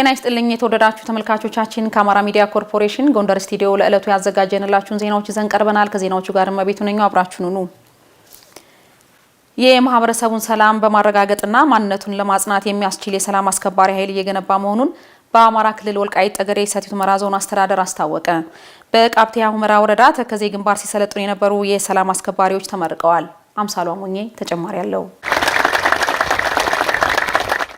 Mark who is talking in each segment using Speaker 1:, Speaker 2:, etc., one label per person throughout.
Speaker 1: ጤና ይስጥልኝ የተወደዳችሁ ተመልካቾቻችን፣ ከአማራ ሚዲያ ኮርፖሬሽን ጎንደር ስቱዲዮ ለዕለቱ ያዘጋጀንላችሁን ዜናዎች ይዘን ቀርበናል። ከዜናዎቹ ጋር መቤቱ ነኝ፣ አብራችሁን ሁኑ። የማህበረሰቡን ሰላም በማረጋገጥና ማንነቱን ለማጽናት የሚያስችል የሰላም አስከባሪ ኃይል እየገነባ መሆኑን በአማራ ክልል ወልቃይት ጠገዴ ሰቲት ሁመራ ዞን አስተዳደር አስታወቀ። በቃብቴ ሁመራ ወረዳ ተከዜ ግንባር ሲሰለጥኑ የነበሩ የሰላም አስከባሪዎች ተመርቀዋል። አምሳሉ አሞኜ ተጨማሪ አለው።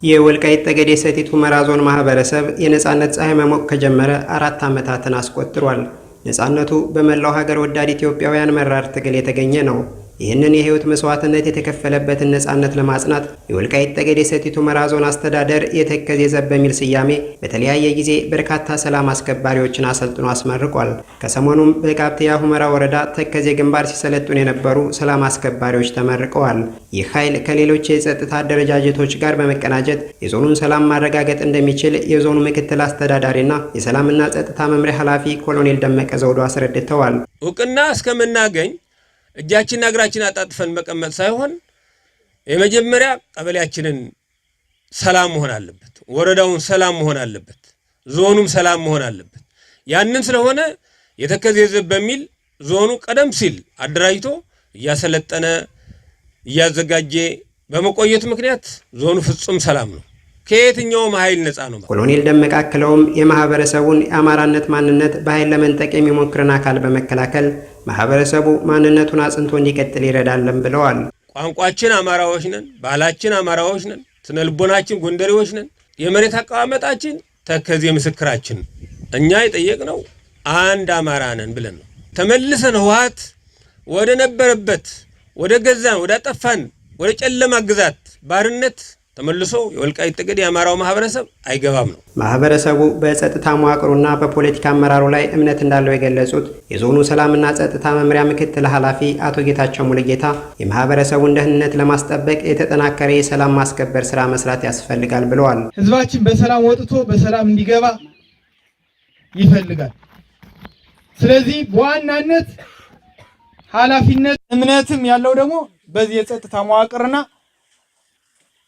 Speaker 2: የወልቃይት ጠገዴ ሰቲት ሁመራ ዞን ማህበረሰብ የነጻነት ፀሐይ መሞቅ ከጀመረ አራት ዓመታትን አስቆጥሯል። ነጻነቱ በመላው ሀገር ወዳድ ኢትዮጵያውያን መራር ትግል የተገኘ ነው። ይህንን የህይወት መስዋዕትነት የተከፈለበትን ነፃነት ለማጽናት የወልቃይት ጠገዴ ሰቲት ሁመራ ዞን አስተዳደር የተከዜ ዘብ በሚል ስያሜ በተለያየ ጊዜ በርካታ ሰላም አስከባሪዎችን አሰልጥኖ አስመርቋል። ከሰሞኑም በቃብትያ ሁመራ ወረዳ ተከዜ ግንባር ሲሰለጥኑ የነበሩ ሰላም አስከባሪዎች ተመርቀዋል። ይህ ኃይል ከሌሎች የጸጥታ አደረጃጀቶች ጋር በመቀናጀት የዞኑን ሰላም ማረጋገጥ እንደሚችል የዞኑ ምክትል አስተዳዳሪና የሰላምና ጸጥታ መምሪያ ኃላፊ ኮሎኔል ደመቀ ዘውዶ አስረድተዋል።
Speaker 3: እውቅና እስከምናገኝ እጃችንና እግራችን አጣጥፈን መቀመጥ ሳይሆን የመጀመሪያ ቀበሌያችንን ሰላም መሆን አለበት፣ ወረዳውን ሰላም መሆን አለበት፣ ዞኑም ሰላም መሆን አለበት። ያንን ስለሆነ የተከዜ ዘብ በሚል ዞኑ ቀደም ሲል አደራጅቶ እያሰለጠነ እያዘጋጀ በመቆየቱ ምክንያት ዞኑ ፍጹም ሰላም ነው። ከየትኛውም ኃይል ነፃ ነው።
Speaker 2: ኮሎኔል ደመቀ አክለውም የማህበረሰቡን የአማራነት ማንነት በኃይል ለመንጠቅ የሚሞክርን አካል በመከላከል ማህበረሰቡ ማንነቱን አጽንቶ እንዲቀጥል ይረዳለን ብለዋል።
Speaker 3: ቋንቋችን አማራዎች ነን፣ ባህላችን አማራዎች ነን፣ ስነልቦናችን ጎንደሬዎች ነን፣ የመሬት አቀማመጣችን ተከዜ ምስክራችን እኛ የጠየቅነው አንድ አማራ ነን ብለን ነው። ተመልሰን ህወሓት ወደ ነበረበት ወደ ገዛን ወደ አጠፋን ወደ ጨለማ ግዛት ባርነት ተመልሶ የወልቃይት ጠገዴ የአማራው ማህበረሰብ አይገባም ነው።
Speaker 2: ማህበረሰቡ በጸጥታ መዋቅሩና በፖለቲካ አመራሩ ላይ እምነት እንዳለው የገለጹት የዞኑ ሰላምና ጸጥታ መምሪያ ምክትል ኃላፊ አቶ ጌታቸው ሙልጌታ የማህበረሰቡን ደህንነት ለማስጠበቅ የተጠናከረ የሰላም ማስከበር ስራ መስራት ያስፈልጋል ብለዋል።
Speaker 4: ህዝባችን በሰላም ወጥቶ በሰላም እንዲገባ ይፈልጋል። ስለዚህ በዋናነት ኃላፊነት
Speaker 5: እምነትም ያለው ደግሞ በዚህ የጸጥታ መዋቅርና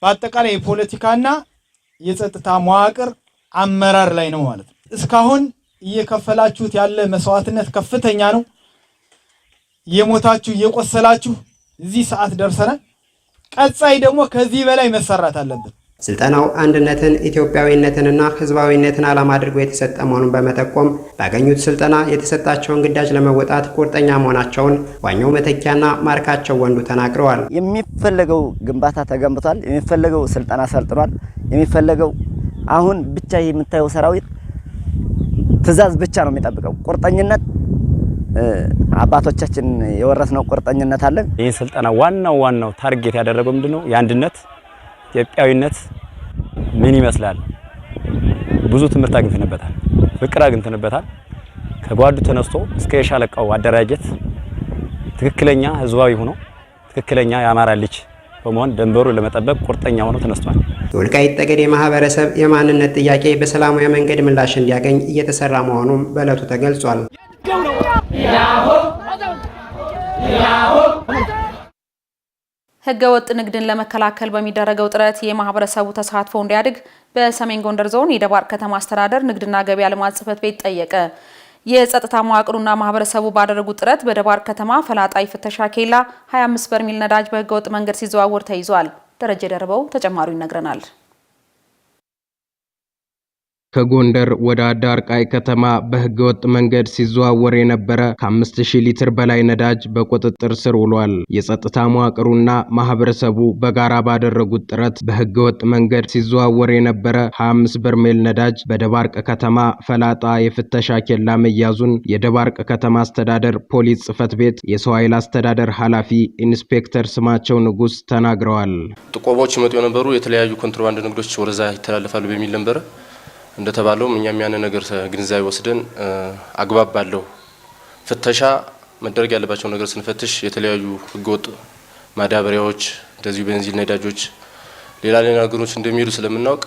Speaker 5: በአጠቃላይ የፖለቲካና የጸጥታ መዋቅር አመራር ላይ ነው ማለት ነው። እስካሁን እየከፈላችሁት ያለ መስዋዕትነት ከፍተኛ ነው። የሞታችሁ እየቆሰላችሁ እዚህ ሰዓት ደርሰናል። ቀጻይ ደግሞ ከዚህ በላይ መሰራት አለብን።
Speaker 2: ስልጠናው አንድነትን፣ ኢትዮጵያዊነትንና ህዝባዊነትን ዓላማ አድርጎ የተሰጠ መሆኑን በመጠቆም ባገኙት ስልጠና የተሰጣቸውን ግዳጅ ለመወጣት ቁርጠኛ መሆናቸውን ዋኛው መተኪያና ማርካቸው ወንዱ ተናግረዋል።
Speaker 6: የሚፈለገው ግንባታ ተገንብቷል። የሚፈለገው ስልጠና ሰልጥኗል። የሚፈለገው አሁን ብቻ ይህ የምታየው ሰራዊት ትእዛዝ ብቻ ነው የሚጠብቀው። ቁርጠኝነት አባቶቻችን የወረስነው ቁርጠኝነት አለን።
Speaker 7: ይህ ስልጠና ዋናው ዋናው ታርጌት ያደረገው ምንድነው? የአንድነት ኢትዮጵያዊነት ምን ይመስላል? ብዙ ትምህርት አግኝተንበታል፣ ፍቅር አግኝተንበታል። ከጓዱ ተነስቶ እስከ የሻለቃው አደራጀት ትክክለኛ ህዝባዊ ሆኖ ትክክለኛ የአማራ ልጅ በመሆን ደንበሩ ለመጠበቅ ቁርጠኛ ሆኖ ተነስቷል።
Speaker 2: የወልቃይት ጠገዴ ማህበረሰብ የማንነት ጥያቄ በሰላማዊ መንገድ ምላሽ እንዲያገኝ እየተሰራ መሆኑም በእለቱ ተገልጿል።
Speaker 1: ህገወጥ ንግድን ለመከላከል በሚደረገው ጥረት የማህበረሰቡ ተሳትፎ እንዲያድግ በሰሜን ጎንደር ዞን የደባርቅ ከተማ አስተዳደር ንግድና ገበያ ልማት ጽፈት ቤት ጠየቀ። የጸጥታ መዋቅሩና ማህበረሰቡ ባደረጉት ጥረት በደባርቅ ከተማ ፈላጣይ ፍተሻ ኬላ 25 በርሚል ነዳጅ በህገወጥ መንገድ ሲዘዋወር ተይዟል። ደረጀ ደርበው ተጨማሪው ይነግረናል።
Speaker 8: ከጎንደር ወደ አዳርቃይ ከተማ በህገወጥ መንገድ ሲዘዋወር የነበረ ከ5000 ሊትር በላይ ነዳጅ በቁጥጥር ስር ውሏል። የጸጥታ መዋቅሩና ማህበረሰቡ በጋራ ባደረጉት ጥረት በህገወጥ መንገድ ሲዘዋወር የነበረ 25 በርሜል ነዳጅ በደባርቅ ከተማ ፈላጣ የፍተሻ ኬላ መያዙን የደባርቅ ከተማ አስተዳደር ፖሊስ ጽህፈት ቤት የሰው ኃይል አስተዳደር ኃላፊ ኢንስፔክተር ስማቸው ንጉስ ተናግረዋል።
Speaker 9: ጥቆሞች ይመጡ የነበሩ የተለያዩ ኮንትሮባንድ ንግዶች ወደዛ ይተላለፋሉ በሚል ነበረ እንደተባለውም እኛም ያን ነገር ግንዛቤ ወስደን አግባብ ባለው ፍተሻ መደረግ ያለባቸው ነገር ስንፈትሽ የተለያዩ ህገወጥ ማዳበሪያዎች እንደዚሁ ቤንዚን፣ ነዳጆች፣ ሌላ ሌላ ነገሮች እንደሚሄዱ ስለምናውቅ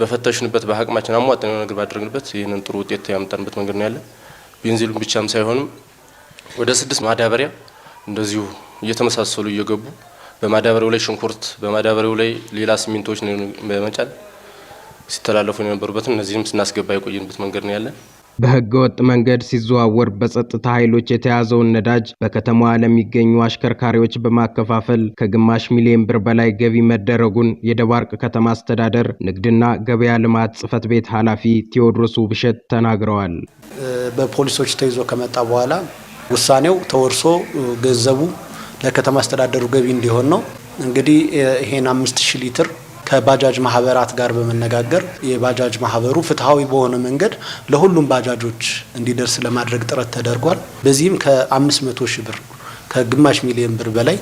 Speaker 9: በፈተሽንበት በአቅማችን አሟጠን ነገር ባደረግንበት ይህንን ጥሩ ውጤት ያመጣንበት መንገድ ነው ያለ። ቤንዚሉን ብቻም ሳይሆንም ወደ ስድስት ማዳበሪያ እንደዚሁ እየተመሳሰሉ እየገቡ በማዳበሪያው ላይ ሽንኩርት፣ በማዳበሪያው ላይ ሌላ ሲሚንቶች በመጫን ሲተላለፉ የነበሩበትን እነዚህም ስናስገባ የቆየንበት መንገድ ነው ያለን።
Speaker 8: በህገ ወጥ መንገድ ሲዘዋወር በጸጥታ ኃይሎች የተያዘውን ነዳጅ በከተማዋ ለሚገኙ አሽከርካሪዎች በማከፋፈል ከግማሽ ሚሊዮን ብር በላይ ገቢ መደረጉን የደባርቅ ከተማ አስተዳደር ንግድና ገበያ ልማት ጽህፈት ቤት ኃላፊ ቴዎድሮስ ውብሸት ተናግረዋል።
Speaker 10: በፖሊሶች ተይዞ ከመጣ በኋላ ውሳኔው ተወርሶ ገንዘቡ ለከተማ አስተዳደሩ ገቢ እንዲሆን ነው። እንግዲህ ይሄን አምስት ሺህ ሊትር ከባጃጅ ማህበራት ጋር በመነጋገር የባጃጅ ማህበሩ ፍትሐዊ በሆነ መንገድ ለሁሉም ባጃጆች እንዲደርስ ለማድረግ ጥረት ተደርጓል። በዚህም ከ500 ሺህ ብር ከግማሽ ሚሊዮን ብር በላይ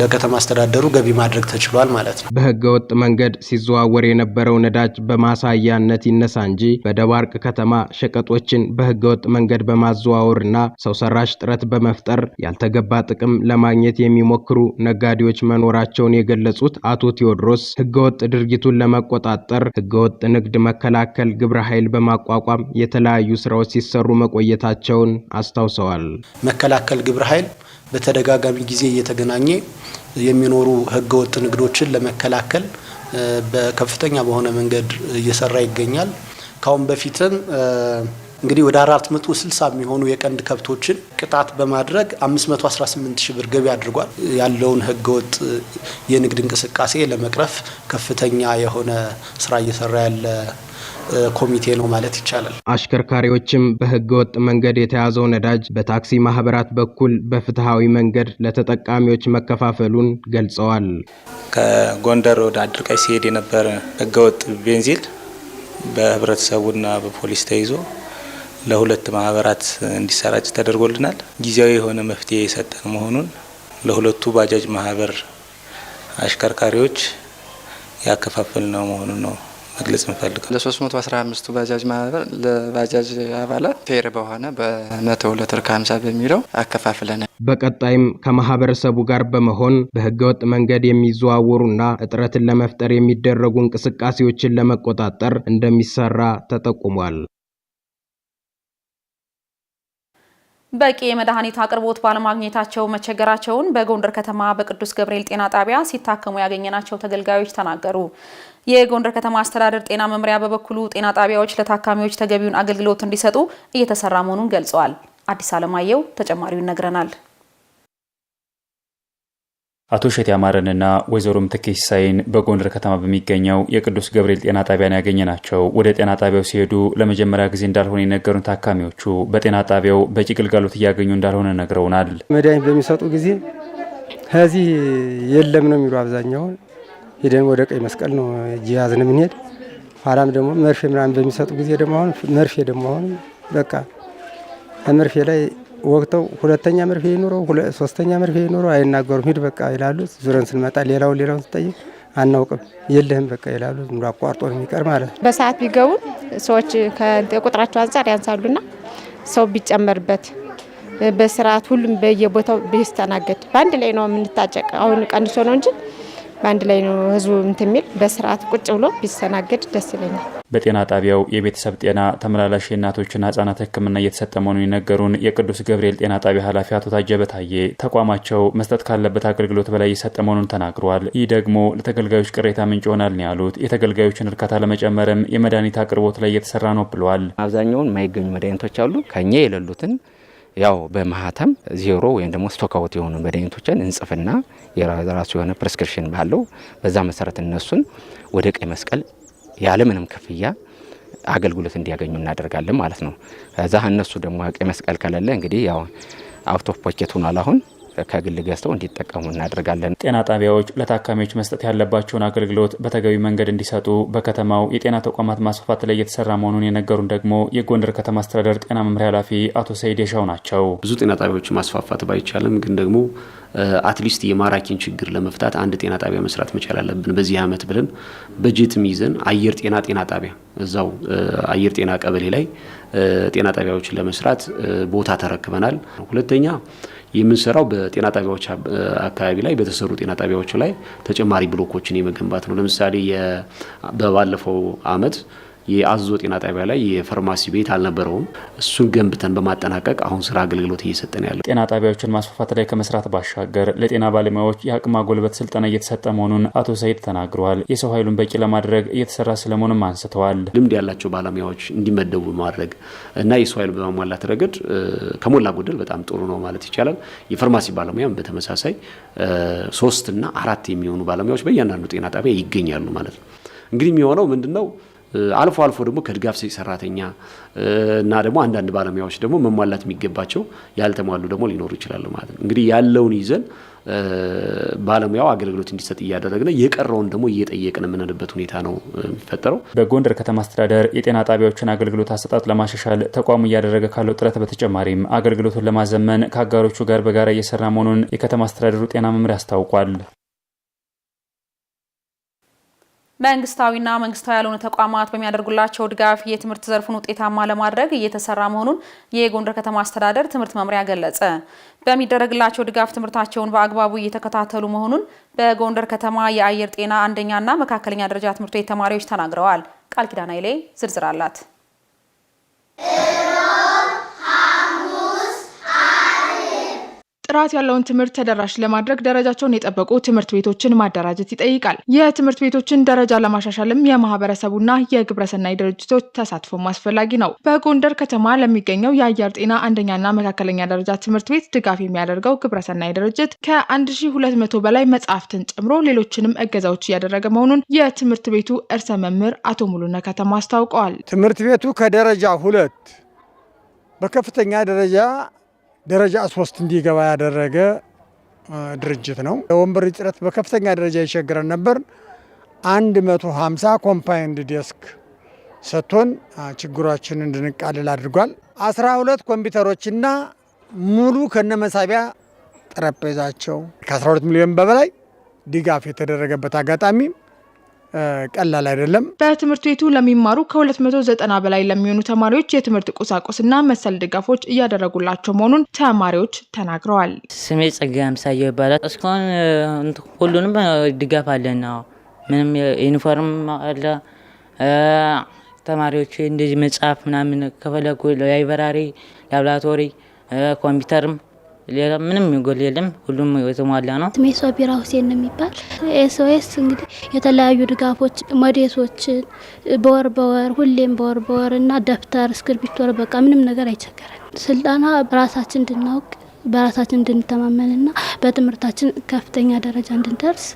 Speaker 10: ለከተማ አስተዳደሩ ገቢ ማድረግ ተችሏል ማለት ነው።
Speaker 8: በህገ ወጥ መንገድ ሲዘዋወር የነበረው ነዳጅ በማሳያነት ይነሳ እንጂ በደባርቅ ከተማ ሸቀጦችን በህገ ወጥ መንገድ በማዘዋወርና ሰው ሰራሽ ጥረት በመፍጠር ያልተገባ ጥቅም ለማግኘት የሚሞክሩ ነጋዴዎች መኖራቸውን የገለጹት አቶ ቴዎድሮስ ወጥ ድርጊቱን ለመቆጣጠር ህገወጥ ንግድ መከላከል ግብረ ኃይል በማቋቋም የተለያዩ ስራዎች ሲሰሩ መቆየታቸውን አስታውሰዋል።
Speaker 10: መከላከል ግብረ ኃይል በተደጋጋሚ ጊዜ እየተገናኘ የሚኖሩ ህገወጥ ንግዶችን ለመከላከል በከፍተኛ በሆነ መንገድ እየሰራ ይገኛል። ካሁን በፊትም እንግዲህ ወደ 460 የሚሆኑ የቀንድ ከብቶችን ቅጣት በማድረግ 518 ሺህ ብር ገቢ አድርጓል። ያለውን ህገወጥ የንግድ እንቅስቃሴ ለመቅረፍ ከፍተኛ የሆነ ስራ እየሰራ ያለ ኮሚቴ ነው ማለት ይቻላል።
Speaker 8: አሽከርካሪዎችም በህገወጥ መንገድ የተያዘው ነዳጅ በታክሲ ማህበራት በኩል በፍትሐዊ መንገድ ለተጠቃሚዎች መከፋፈሉን ገልጸዋል።
Speaker 11: ከጎንደር ወደ አድርቃይ ሲሄድ የነበረ ህገወጥ ቤንዚል በህብረተሰቡና በፖሊስ ተይዞ ለሁለት ማህበራት እንዲሰራጭ ተደርጎልናል። ጊዜያዊ የሆነ መፍትሄ የሰጠን መሆኑን ለሁለቱ ባጃጅ ማህበር አሽከርካሪዎች ያከፋፈል ነው መሆኑን ነው መግለጽ
Speaker 12: ለሶስት መቶ አስራ አምስቱ ባጃጅ ማህበር ለባጃጅ አባላት ፌር በሆነ በመቶ ሁለት ርከ ሀምሳ በሚለው አከፋፍለናል።
Speaker 8: በቀጣይም ከማህበረሰቡ ጋር በመሆን በህገወጥ መንገድ የሚዘዋወሩና እጥረትን ለመፍጠር የሚደረጉ እንቅስቃሴዎችን ለመቆጣጠር እንደሚሰራ ተጠቁሟል።
Speaker 1: በቂ የመድኃኒት አቅርቦት ባለማግኘታቸው መቸገራቸውን በጎንደር ከተማ በቅዱስ ገብርኤል ጤና ጣቢያ ሲታከሙ ያገኘናቸው ተገልጋዮች ተናገሩ። የጎንደር ከተማ አስተዳደር ጤና መምሪያ በበኩሉ ጤና ጣቢያዎች ለታካሚዎች ተገቢውን አገልግሎት እንዲሰጡ እየተሰራ መሆኑን ገልጸዋል። አዲስ አለማየሁ ተጨማሪው ይነግረናል።
Speaker 8: አቶ ሸቴ አማረንና ወይዘሮ ምትኬ ሲሳይን በጎንደር ከተማ በሚገኘው የቅዱስ ገብርኤል ጤና ጣቢያን ያገኘ ናቸው። ወደ ጤና ጣቢያው ሲሄዱ ለመጀመሪያ ጊዜ እንዳልሆነ የነገሩን ታካሚዎቹ በጤና ጣቢያው በቂ ግልጋሎት እያገኙ እንዳልሆነ ነግረውናል።
Speaker 13: መድኃኒት በሚሰጡ ጊዜ ከዚህ የለም ነው የሚሉ አብዛኛውን ሄደን ወደ ቀይ መስቀል ነው ጅያዝን የምንሄድ ኋላም ደግሞ መርፌ ምናምን በሚሰጡ ጊዜ ደግሞ አሁን መርፌ ደግሞ አሁን በቃ ከመርፌ ላይ ወቅተው ሁለተኛ መርፌ ይኑረው ሶስተኛ መርፌ ይኑረው አይናገሩም። ሂድ በቃ ይላሉ። ዙረን ስንመጣ ሌላውን ሌላውን ስጠይቅ አናውቅም የለህም በቃ ይላሉ። ዝምሮ አቋርጦ የሚቀር ማለት ነው።
Speaker 14: በሰዓት ቢገቡን ሰዎች ከቁጥራቸው አንጻር ያንሳሉና ሰው ቢጨመርበት በስርዓት ሁሉም በየቦታው ቢስተናገድ በአንድ ላይ ነው የምንታጨቅ። አሁን ቀንሶ ነው እንጂ በአንድ ላይ ነው ህዝቡ እንትን የሚል በስርዓት ቁጭ ብሎ ቢስተናገድ ደስ ይለኛል።
Speaker 8: በጤና ጣቢያው የቤተሰብ ጤና ተመላላሽ የእናቶችና ህጻናት ሕክምና እየተሰጠ መሆኑን የነገሩን የቅዱስ ገብርኤል ጤና ጣቢያ ኃላፊ አቶ ታጀ ታዬ ተቋማቸው መስጠት ካለበት አገልግሎት በላይ እየሰጠ መሆኑን ተናግረዋል። ይህ ደግሞ ለተገልጋዮች ቅሬታ ምንጭ ይሆናል ነው ያሉት። የተገልጋዮችን እርካታ ለመጨመርም የመድኃኒት አቅርቦት ላይ እየተሰራ ነው ብለዋል።
Speaker 15: አብዛኛውን የማይገኙ መድኃኒቶች አሉ ከኛ የሌሉትን ያው በማህተም ዜሮ ወይም ደግሞ ስቶካውት የሆኑ መድኃኒቶችን እንጽፍና የራሱ የሆነ ፕሬስክሪፕሽን ባለው በዛ መሰረት እነሱን ወደ ቀይ መስቀል ያለምንም ክፍያ አገልግሎት እንዲያገኙ እናደርጋለን ማለት ነው። ከዛ እነሱ ደግሞ ቀይ መስቀል ከሌለ እንግዲህ ያው አውት ኦፍ ፖኬት ሆኗል አሁን ከግል ገዝተው እንዲጠቀሙ እናደርጋለን።
Speaker 8: ጤና ጣቢያዎች ለታካሚዎች መስጠት ያለባቸውን አገልግሎት በተገቢ መንገድ እንዲሰጡ በከተማው የጤና ተቋማት ማስፋፋት ላይ እየተሰራ መሆኑን የነገሩን ደግሞ የጎንደር ከተማ አስተዳደር ጤና መምሪያ ኃላፊ አቶ ሰይድ የሻው ናቸው።
Speaker 16: ብዙ ጤና ጣቢያዎች ማስፋፋት ባይቻልም ግን ደግሞ አትሊስት የማራኪን ችግር ለመፍታት አንድ ጤና ጣቢያ መስራት መቻል አለብን በዚህ አመት ብለን በጀትም ይዘን አየር ጤና ጤና ጣቢያ እዛው አየር ጤና ቀበሌ ላይ ጤና ጣቢያዎችን ለመስራት ቦታ ተረክበናል። ሁለተኛ የምንሰራው በጤና ጣቢያዎች አካባቢ ላይ በተሰሩ ጤና ጣቢያዎች ላይ ተጨማሪ ብሎኮችን የመገንባት ነው። ለምሳሌ በባለፈው አመት የአዞ ጤና ጣቢያ ላይ የፋርማሲ ቤት አልነበረውም። እሱን ገንብተን በማጠናቀቅ አሁን ስራ አገልግሎት እየሰጠን ያለ ጤና ጣቢያዎችን ማስፋፋት ላይ ከመስራት ባሻገር ለጤና ባለሙያዎች የአቅም ማጎልበት ስልጠና እየተሰጠ መሆኑን አቶ ሰይድ ተናግረዋል። የሰው ኃይሉን በቂ ለማድረግ እየተሰራ ስለመሆኑም አንስተዋል። ልምድ ያላቸው ባለሙያዎች እንዲመደቡ ማድረግ እና የሰው ኃይል በማሟላት ረገድ ከሞላ ጎደል በጣም ጥሩ ነው ማለት ይቻላል። የፋርማሲ ባለሙያም በተመሳሳይ ሶስት እና አራት የሚሆኑ ባለሙያዎች በእያንዳንዱ ጤና ጣቢያ ይገኛሉ ማለት ነው። እንግዲህ የሚሆነው ምንድን ነው? አልፎ አልፎ ደግሞ ከድጋፍ ሰጪ ሰራተኛ እና ደግሞ አንዳንድ ባለሙያዎች ደግሞ መሟላት የሚገባቸው ያልተሟሉ ደግሞ ሊኖሩ ይችላሉ ማለት ነው። እንግዲህ ያለውን ይዘን ባለሙያው አገልግሎት እንዲሰጥ እያደረግን የቀረውን ደግሞ እየጠየቅን የምንልበት ሁኔታ ነው የሚፈጠረው።
Speaker 8: በጎንደር ከተማ አስተዳደር የጤና ጣቢያዎችን አገልግሎት አሰጣጥ ለማሻሻል ተቋሙ እያደረገ ካለው ጥረት በተጨማሪም አገልግሎቱን ለማዘመን ከአጋሮቹ ጋር በጋራ እየሰራ መሆኑን የከተማ አስተዳደሩ ጤና መምሪያ አስታውቋል።
Speaker 1: መንግስታዊና መንግስታዊ ያልሆኑ ተቋማት በሚያደርጉላቸው ድጋፍ የትምህርት ዘርፉን ውጤታማ ለማድረግ እየተሰራ መሆኑን የጎንደር ከተማ አስተዳደር ትምህርት መምሪያ ገለጸ። በሚደረግላቸው ድጋፍ ትምህርታቸውን በአግባቡ እየተከታተሉ መሆኑን በጎንደር ከተማ የአየር ጤና አንደኛና መካከለኛ ደረጃ ትምህርት ቤት ተማሪዎች ተናግረዋል። ቃል ኪዳና ኃይሌ ዝርዝር አላት።
Speaker 17: ጥራት ያለውን ትምህርት ተደራሽ ለማድረግ ደረጃቸውን የጠበቁ ትምህርት ቤቶችን ማደራጀት ይጠይቃል። የትምህርት ቤቶችን ደረጃ ለማሻሻልም የማህበረሰቡና የግብረሰናይ ድርጅቶች ተሳትፎም አስፈላጊ ነው። በጎንደር ከተማ ለሚገኘው የአየር ጤና አንደኛና መካከለኛ ደረጃ ትምህርት ቤት ድጋፍ የሚያደርገው ግብረሰናይ ድርጅት ከ1200 በላይ መጽሐፍትን ጨምሮ ሌሎችንም እገዛዎች እያደረገ መሆኑን የትምህርት ቤቱ እርሰ መምህር አቶ ሙሉነ ከተማ አስታውቀዋል።
Speaker 18: ትምህርት ቤቱ ከደረጃ ሁለት በከፍተኛ ደረጃ ደረጃ ሶስት እንዲገባ ያደረገ ድርጅት ነው። ወንበር እጥረት በከፍተኛ ደረጃ ይቸግረን ነበር። 150 ኮምፓይንድ ዴስክ ሰጥቶን ችግሯችን እንድንቃልል አድርጓል። 12 ኮምፒውተሮችና ሙሉ ከነመሳቢያ ጠረጴዛቸው ከ12 ሚሊዮን በበላይ ድጋፍ የተደረገበት አጋጣሚ ቀላል አይደለም።
Speaker 17: በትምህርት ቤቱ ለሚማሩ ከ290 በላይ ለሚሆኑ ተማሪዎች የትምህርት ቁሳቁስና መሰል ድጋፎች እያደረጉላቸው መሆኑን ተማሪዎች ተናግረዋል።
Speaker 19: ስሜ ጸጋ አምሳየው ይባላል። እስካሁን ሁሉንም ድጋፍ አለና ምንም ዩኒፎርም አለ። ተማሪዎች እንደዚህ መጽሐፍ ምናምን ከፈለጉ ላይበራሪ፣ ላብራቶሪ፣ ኮምፒውተርም ሌላ ምንም የሚጎል የለም። ሁሉም የተሟላ ነው።
Speaker 20: ስሜ ሶቢራ ሁሴን ነው የሚባል ኤስኦኤስ እንግዲህ የተለያዩ ድጋፎች መዴሶችን በወር በወር ሁሌም በወር በወር እና ደብተር እስክርቢቶ፣ በቃ ምንም ነገር አይቸገረን። ስልጠና ራሳችን እንድናውቅ በራሳችን እንድንተማመንና በትምህርታችን ከፍተኛ ደረጃ እንድንደርስ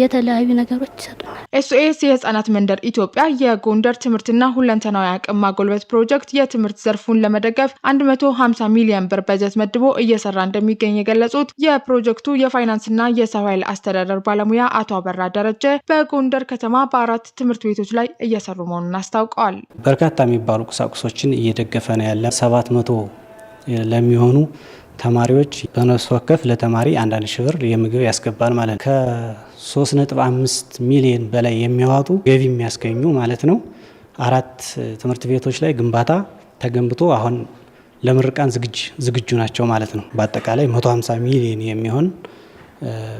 Speaker 20: የተለያዩ ነገሮች ይሰጡናል።
Speaker 17: ኤስኦኤስ የህጻናት መንደር ኢትዮጵያ የጎንደር ትምህርትና ሁለንተናዊ አቅም ማጎልበት ፕሮጀክት የትምህርት ዘርፉን ለመደገፍ 150 ሚሊዮን ብር በጀት መድቦ እየሰራ እንደሚገኝ የገለጹት የፕሮጀክቱ የፋይናንስና የሰው ኃይል አስተዳደር ባለሙያ አቶ አበራ ደረጀ በጎንደር ከተማ በአራት ትምህርት ቤቶች ላይ እየሰሩ መሆኑን አስታውቀዋል።
Speaker 13: በርካታ የሚባሉ ቁሳቁሶችን እየደገፈ ነው ያለ 700 ለሚሆኑ ተማሪዎች በነፍስ ወከፍ ለተማሪ አንዳንድ ሺህ ብር የምግብ ያስገባል ማለት ነው። ከሶስት ነጥብ አምስት ሚሊዮን በላይ የሚያዋጡ ገቢ የሚያስገኙ ማለት ነው። አራት ትምህርት ቤቶች ላይ ግንባታ ተገንብቶ አሁን ለምርቃን ዝግጁ ናቸው ማለት ነው። በአጠቃላይ 150 ሚሊዮን የሚሆን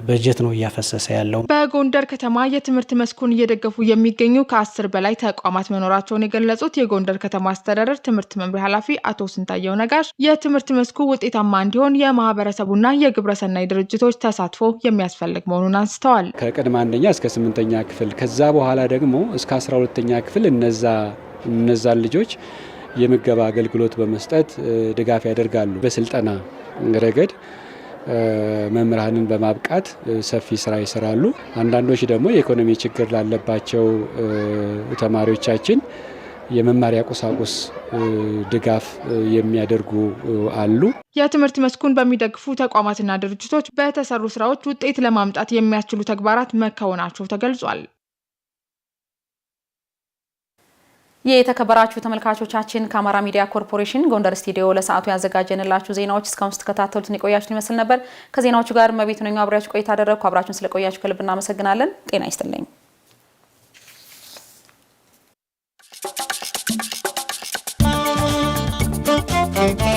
Speaker 13: በጀት ነው እያፈሰሰ ያለው።
Speaker 17: በጎንደር ከተማ የትምህርት መስኩን እየደገፉ የሚገኙ ከአስር በላይ ተቋማት መኖራቸውን የገለጹት የጎንደር ከተማ አስተዳደር ትምህርት መምሪያ ኃላፊ አቶ ስንታየው ነጋሽ የትምህርት መስኩ ውጤታማ እንዲሆን የማህበረሰቡና የግብረሰናይ ድርጅቶች ተሳትፎ የሚያስፈልግ መሆኑን አንስተዋል።
Speaker 13: ከቅድመ አንደኛ እስከ ስምንተኛ ክፍል ከዛ በኋላ ደግሞ እስከ አስራ ሁለተኛ ክፍል እነዛ እነዛን ልጆች የምገባ አገልግሎት በመስጠት ድጋፍ ያደርጋሉ። በስልጠና ረገድ መምህራንን በማብቃት ሰፊ ስራ ይሰራሉ። አንዳንዶች ደግሞ የኢኮኖሚ ችግር ላለባቸው ተማሪዎቻችን የመማሪያ ቁሳቁስ ድጋፍ የሚያደርጉ አሉ።
Speaker 17: የትምህርት መስኩን በሚደግፉ ተቋማትና ድርጅቶች በተሰሩ ስራዎች ውጤት ለማምጣት የሚያስችሉ ተግባራት መከወናቸው ተገልጿል።
Speaker 1: የተከበራችሁ ተመልካቾቻችን ከአማራ ሚዲያ ኮርፖሬሽን ጎንደር ስቱዲዮ ለሰዓቱ ያዘጋጀንላችሁ ዜናዎች እስካሁን ስትከታተሉትን የቆያችሁን ይመስል ነበር። ከዜናዎቹ ጋር መቤት ነኛ አብሬያችሁ ቆይታ አደረግኩ። አብራችሁን ስለቆያችሁ ከልብ እናመሰግናለን። ጤና ይስጥልኝ። Thank you.